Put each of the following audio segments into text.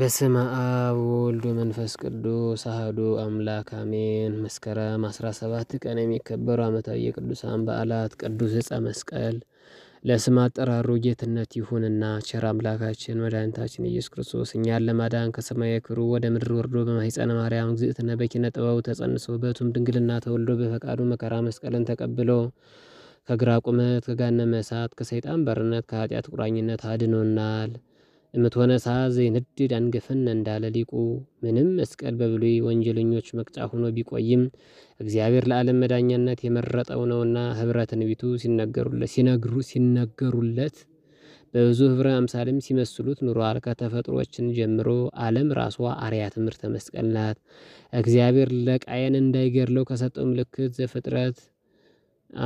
በስመ አብ ወወልድ ወመንፈስ ቅዱስ አሐዱ አምላክ አሜን። መስከረም 17 ቀን የሚከበሩ ዓመታዊ የቅዱሳን በዓላት ቅዱስ ዕፀ መስቀል ለስም አጠራሩ ጌትነት ይሁንና ቸር አምላካችን መድኃኒታችን ኢየሱስ ክርስቶስ እኛን ለማዳን ከሰማየ ክብሩ ወደ ምድር ወርዶ በማኅፀነ ማርያም እግዝእትነ በኪነ ጥበቡ ተጸንሶ በኅቱም ድንግልና ተወልዶ በፈቃዱ መከራ መስቀልን ተቀብሎ ከግራ ቁመት ከገሃነመ እሳት ከሰይጣን ባርነት ከኃጢአት ቁራኝነት አድኖናል። እምትወነሳ ዘይንድድ አንገፈን እንዳለ ሊቁ ምንም መስቀል በብሉይ ወንጀለኞች መቅጫ ሆኖ ቢቆይም እግዚአብሔር ለዓለም መዳኛነት የመረጠው ነውና ህብረ ትንቢቱ ሲነገሩለት ሲነግሩ ሲነገሩለት በብዙ ህብረ አምሳልም ሲመስሉት ኑሯል። ከተፈጥሮችን ጀምሮ ዓለም ራሷ አርያ ትምህርተ መስቀል ናት። እግዚአብሔር ለቃየን እንዳይገድለው ከሰጠው ምልክት ዘፍጥረት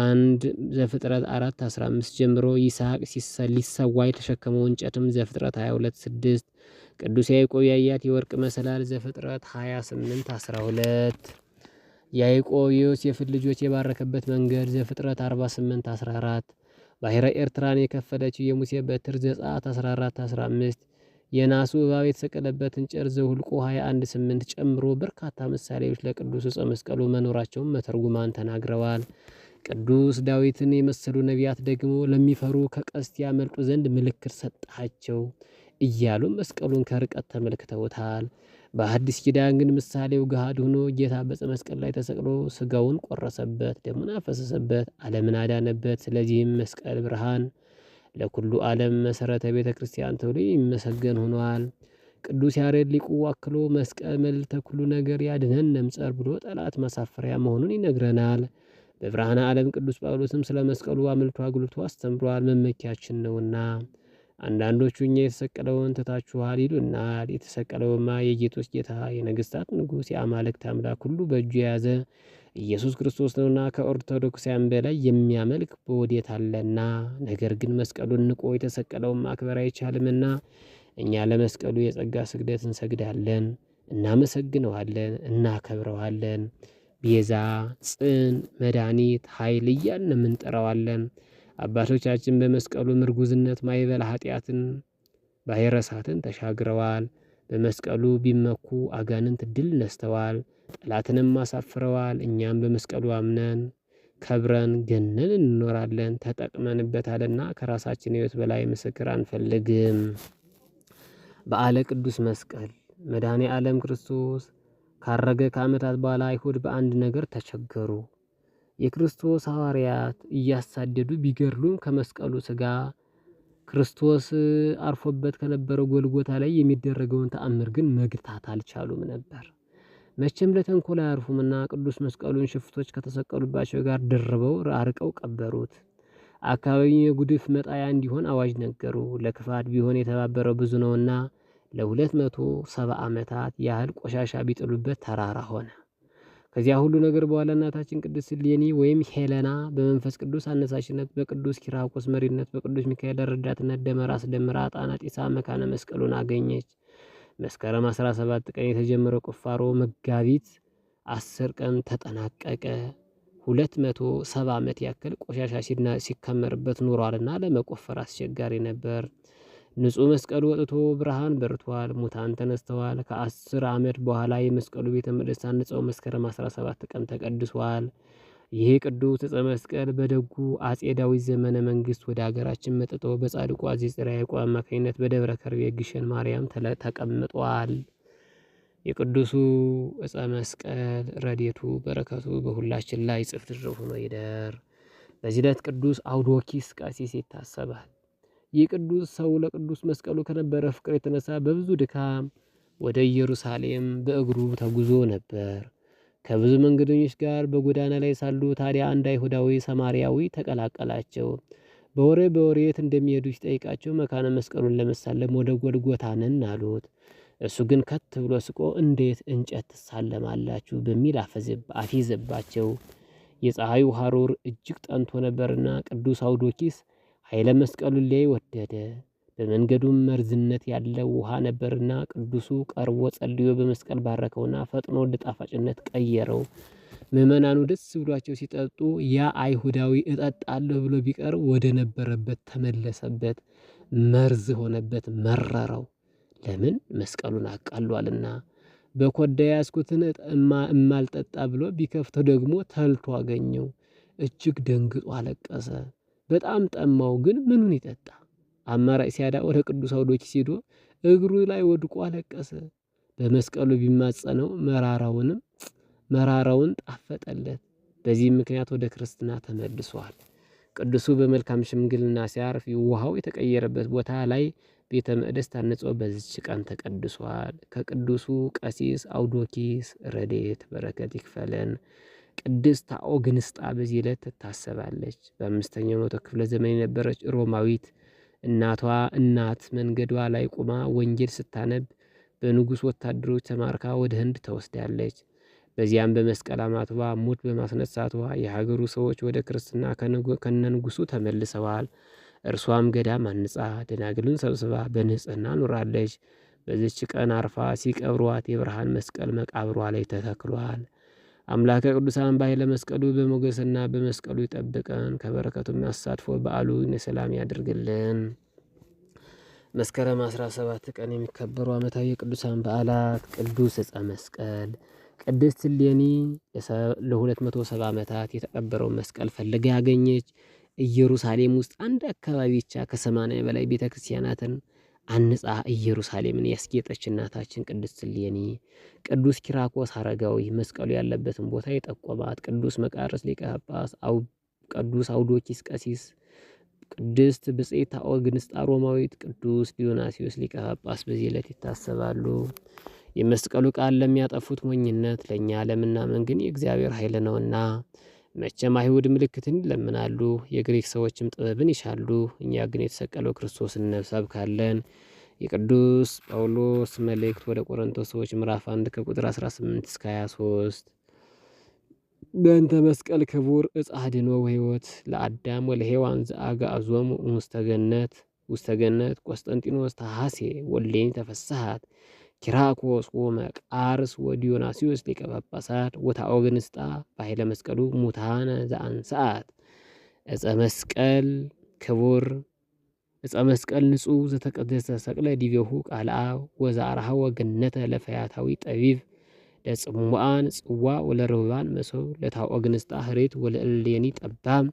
አንድ ዘፍጥረት አራት አስራ አምስት ጀምሮ ይስሐቅ ሊሰዋ የተሸከመው እንጨትም ዘፍጥረት ሀያ ሁለት ስድስት ቅዱስ ያዕቆብ ያያት የወርቅ መሰላል ዘፍጥረት ሀያ ስምንት አስራ ሁለት ያዕቆብ የዮሴፍን ልጆች የባረከበት መንገድ ዘፍጥረት አርባ ስምንት አስራ አራት ባሕረ ኤርትራን የከፈለችው የሙሴ በትር ዘጸአት አስራ አራት አስራ አምስት የናሱ እባብ የተሰቀለበት እንጨት ዘውልቁ ሀያ አንድ ስምንት ጨምሮ በርካታ ምሳሌዎች ለቅዱስ ዕፀ መስቀሉ መኖራቸውን መተርጉማን ተናግረዋል። ቅዱስ ዳዊትን የመሰሉ ነቢያት ደግሞ ለሚፈሩ ከቀስት ያመልጡ ዘንድ ምልክት ሰጣቸው እያሉም መስቀሉን ከርቀት ተመልክተውታል። በአዲስ ኪዳን ግን ምሳሌው ገሃድ ሆኖ ጌታ በዕፀ መስቀል ላይ ተሰቅሎ ስጋውን ቆረሰበት፣ ደሙን አፈሰሰበት፣ ዓለምን አዳነበት። ስለዚህም መስቀል ብርሃን ለኩሉ ዓለም መሰረተ ቤተ ክርስቲያን ተብሎ የሚመሰገን ሆኗል። ቅዱስ ያሬድ ሊቁ አክሎ መስቀል መልዕልተ ኩሉ ነገር ያድነን ነምጸር ብሎ ጠላት ማሳፈሪያ መሆኑን ይነግረናል። በብርሃነ ዓለም ቅዱስ ጳውሎስም ስለ መስቀሉ አምልቶ አጉልቶ አስተምሯል፣ መመኪያችን ነውና። አንዳንዶቹ እኛ የተሰቀለውን ትታችኋል ይሉናል። የተሰቀለውማ የጌቶች ጌታ የነገስታት ንጉሥ የአማልክት አምላክ ሁሉ በእጁ የያዘ ኢየሱስ ክርስቶስ ነውና ከኦርቶዶክሳውያን በላይ የሚያመልክ በወዴት አለና። ነገር ግን መስቀሉን ንቆ የተሰቀለውን ማክበር አይቻልምና እኛ ለመስቀሉ የጸጋ ስግደት እንሰግዳለን፣ እናመሰግነዋለን፣ እናከብረዋለን። ቤዛ፣ ጽን፣ መድኃኒት፣ ኃይል እያልን የምንጠራዋለን። አባቶቻችን በመስቀሉ ምርጉዝነት ማይበል ኃጢአትን ባሕረ እሳትን ተሻግረዋል። በመስቀሉ ቢመኩ አጋንንት ድል ነስተዋል፣ ጠላትንም አሳፍረዋል። እኛም በመስቀሉ አምነን ከብረን ገነን እንኖራለን። ተጠቅመንበታልና ከራሳችን ሕይወት በላይ ምስክር አንፈልግም። በዓለ ቅዱስ መስቀል መድኃኔ ዓለም ክርስቶስ ካረገ ከዓመታት በኋላ አይሁድ በአንድ ነገር ተቸገሩ። የክርስቶስ ሐዋርያት እያሳደዱ ቢገድሉም ከመስቀሉ ስጋ ክርስቶስ አርፎበት ከነበረው ጎልጎታ ላይ የሚደረገውን ተአምር ግን መግታት አልቻሉም ነበር። መቼም ለተንኮል አያርፉምና ቅዱስ መስቀሉን ሽፍቶች ከተሰቀሉባቸው ጋር ደርበው አርቀው ቀበሩት። አካባቢው የጉድፍ መጣያ እንዲሆን አዋጅ ነገሩ። ለክፋት ቢሆን የተባበረው ብዙ ነውና ለሁለት መቶ ሰባ ዓመታት ያህል ቆሻሻ ቢጥሉበት ተራራ ሆነ። ከዚያ ሁሉ ነገር በኋላ እናታችን ቅድስት እሌኒ ወይም ሄለና በመንፈስ ቅዱስ አነሳሽነት በቅዱስ ኪራቆስ መሪነት በቅዱስ ሚካኤል ረዳትነት ደመራ አስደምራ ጣና ጢሳ መካነ መስቀሉን አገኘች። መስከረም 17 ቀን የተጀመረው ቁፋሮ መጋቢት 10 ቀን ተጠናቀቀ። 270 ዓመት ያክል ቆሻሻ ሲከመርበት ኑሯልና ለመቆፈር አስቸጋሪ ነበር። ንጹሕ መስቀሉ ወጥቶ ብርሃን በርቷል። ሙታን ተነስተዋል። ከአስር ዓመት በኋላ የመስቀሉ ቤተ መቅደስ አንጸው መስከረም 17 ቀን ተቀድሷል። ይህ ቅዱስ ዕፀ መስቀል በደጉ አጼ ዳዊት ዘመነ መንግስት ወደ አገራችን መጥቶ በጻድቁ አጼ ዘርዓ ያዕቆብ አማካኝነት በደብረ ከርቤ ግሸን ማርያም ተቀምጧል። የቅዱሱ ዕፀ መስቀል ረዴቱ በረከቱ በሁላችን ላይ ጽፍ ድርብ ሆኖ ይደር። በዚህ ዕለት ቅዱስ አውዶኪስ ቀሲስ ይታሰባል። የቅዱስ ሰው ለቅዱስ መስቀሉ ከነበረ ፍቅር የተነሳ በብዙ ድካም ወደ ኢየሩሳሌም በእግሩ ተጉዞ ነበር። ከብዙ መንገደኞች ጋር በጎዳና ላይ ሳሉ ታዲያ አንድ አይሁዳዊ ሰማርያዊ ተቀላቀላቸው። በወሬ በወሬት እንደሚሄዱ ሲጠይቃቸው መካነ መስቀሉን ለመሳለም ወደ ጎልጎታንን አሉት። እሱ ግን ከት ብሎ ስቆ እንዴት እንጨት ትሳለማላችሁ በሚል አፌዘባቸው። የፀሐዩ ሐሩር እጅግ ጠንቶ ነበርና ቅዱስ አውዶኪስ ኃይለ መስቀሉን ሊያይ ወደደ። በመንገዱም መርዝነት ያለው ውሃ ነበርና ቅዱሱ ቀርቦ ጸልዮ በመስቀል ባረከውና ፈጥኖ ወደ ጣፋጭነት ቀየረው። ምዕመናኑ ደስ ብሏቸው ሲጠጡ ያ አይሁዳዊ እጠጣለሁ ብሎ ቢቀርብ ወደ ነበረበት ተመለሰበት። መርዝ ሆነበት፣ መረረው። ለምን መስቀሉን አቃሏልና። በኮዳ ያስኩትን እማልጠጣ ብሎ ቢከፍተው ደግሞ ተልቶ አገኘው። እጅግ ደንግጦ አለቀሰ። በጣም ጠማው። ግን ምኑን ይጠጣ? አማራጭ ሲያዳ ወደ ቅዱስ አውዶች ሲዶ እግሩ ላይ ወድቆ አለቀሰ። በመስቀሉ ቢማጸነው መራራውንም መራራውን ጣፈጠለት። በዚህ ምክንያት ወደ ክርስትና ተመልሷል። ቅዱሱ በመልካም ሽምግልና ሲያርፍ ውሃው የተቀየረበት ቦታ ላይ ቤተ መቅደስ ታንጾ በዚች ቀን ተቀድሷል። ከቅዱሱ ቀሲስ አውዶኪስ ረዴት በረከት ይክፈለን። ቅድስት ኦግንስጣ በዚህ ዕለት ትታሰባለች። በአምስተኛው መቶ ክፍለ ዘመን የነበረች ሮማዊት እናቷ እናት መንገዷ ላይ ቆማ ወንጌል ስታነብ በንጉሥ ወታደሮች ተማርካ ወደ ህንድ ተወስዳለች። በዚያም በመስቀል አማትባ ሙት በማስነሳቷ የሀገሩ ሰዎች ወደ ክርስትና ከነ ንጉሱ ተመልሰዋል። እርሷም ገዳም አንጻ ደናግልን ሰብስባ በንጽህና ኑራለች። በዚች ቀን አርፋ ሲቀብሯት የብርሃን መስቀል መቃብሯ ላይ ተተክሏል። አምላከ ቅዱሳን ባይ ለመስቀሉ በሞገስና በመስቀሉ ይጠብቀን። ከበረከቱም አሳትፎ በዓሉ የሰላም ያድርግልን። መስከረም 17 ቀን የሚከበሩ ዓመታዊ የቅዱሳን በዓላት ቅዱስ ዕፀ መስቀል ቅድስት እሌኒ ለ270 ዓመታት የተቀበረውን መስቀል ፈልጋ ያገኘች ኢየሩሳሌም ውስጥ አንድ አካባቢ ብቻ ከ80 በላይ ቤተ ክርስቲያናትን አንጻ ኢየሩሳሌምን ያስጌጠች እናታችን ቅድስት እሌኒ፣ ቅዱስ ኪራኮስ አረጋዊ መስቀሉ ያለበትን ቦታ የጠቆማት፣ ቅዱስ መቃርስ ሊቀ ጳጳስ፣ ቅዱስ አውዶኪስ ቀሲስ፣ ቅድስት ብጽዕት ኦግንስጣ ሮማዊት፣ ቅዱስ ዲዮናስዮስ ሊቀ ጳጳስ በዚህ ዕለት ይታሰባሉ። የመስቀሉ ቃል ለሚያጠፉት ሞኝነት፣ ለእኛ ለምናምን ግን የእግዚአብሔር ኃይል ነውና መቼም አይሁድ ምልክትን ይለምናሉ፣ የግሪክ ሰዎችም ጥበብን ይሻሉ። እኛ ግን የተሰቀለው ክርስቶስን እንሰብካለን። የቅዱስ ጳውሎስ መልእክት ወደ ቆሮንቶስ ሰዎች ምዕራፍ 1 ከቁጥር 18 እስከ 23 በእንተ መስቀል ክቡር እጽ ህይወት ወሕይወት ለአዳም ወለሔዋን ዘአግዓዞሙ ውስተገነት ገነት ውስተ ገነት ቆስጠንጢኖስ ተሐሴ ወሌኒ ተፈስሐት ኪራኮስ ወመቃርስ ወዲዮናሲዮስ ሊቀ ጳጳሳት ወታኦግንስጣ በኃይለ መስቀሉ ሙታነ ዘአን ሰዓት እፀ መስቀል ክቡር እፀ መስቀል ንጹሕ ዘተቀደሰ ሰቅለ ዲቤሁ ቃል አብ ወዛርሃ ወገነተ ለፈያታዊ ጠቢብ ለጽሙአን ጽዋ ወለርባን መሶብ ለታኦግንስጣ ህሬት ወለእሌኒ ጠባም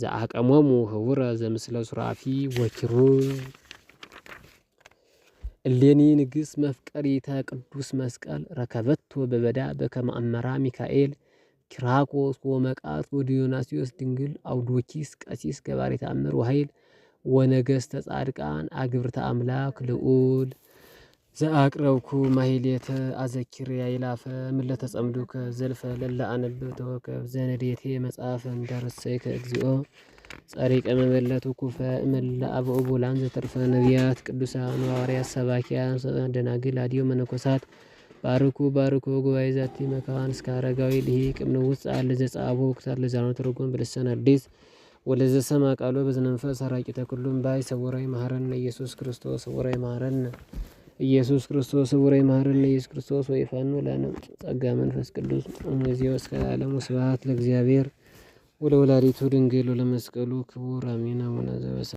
ዘአቀሞሙ ህቡረ ዘምስለ ሱራፊ ወኪሩብ እሌኒ ንግስ መፍቀሪተ ቅዱስ መስቀል ረከበቶ በበዳ በከመ ሚካኤል ኪራቆስ ወመቃት ወዲዮናስዮስ ድንግል አውዶኪስ ቀሲስ ገባሬ ተአምር ወኃይል ወነገሥተ ጻድቃን አግብርተ አምላክ ልዑል ዘአቅረብኩ ማሕሌተ አዘኪርያ ይላፈ ምለተ ጸምዱከ ዘልፈ ለላ አነብብ ተወከብ ዘንዴቴ መጽሐፈ እምዳርሰይ ከእግዚኦ ጸሪቀ መበለቱ ኩፈ መላ አበኦ ቦላን ዘተርፈ ነቢያት ቅዱሳን ሐዋርያት ሰባኪያን ደናግል አዲዮ መነኮሳት ባርኩ ባርኩ ጉባኤ ዛቲ መካን እስከ አረጋዊ ልሂቅ እምንውስጥ አለ ዘጻቦ ወቅታር ለዛኖ ትርጉም ብልሰን አዲስ ወለዘ ሰማ ቃሎ በዝነ መንፈስ አራቂተ ኩሉም ባይ ሰውራዊ ማህረን ኢየሱስ ክርስቶስ ሰውራዊ ማህረን ኢየሱስ ክርስቶስ ሰውራዊ ማህረነ ኢየሱስ ክርስቶስ ወይፋኑ ለነ ጸጋ መንፈስ ቅዱስ እግዚኦ እስከ ዓለሙ ስብሐት ለእግዚአብሔር ወለወላዲቱ ድንግል ወለመስቀሉ ክቡር አሜን አቡነ ዘበሰማያት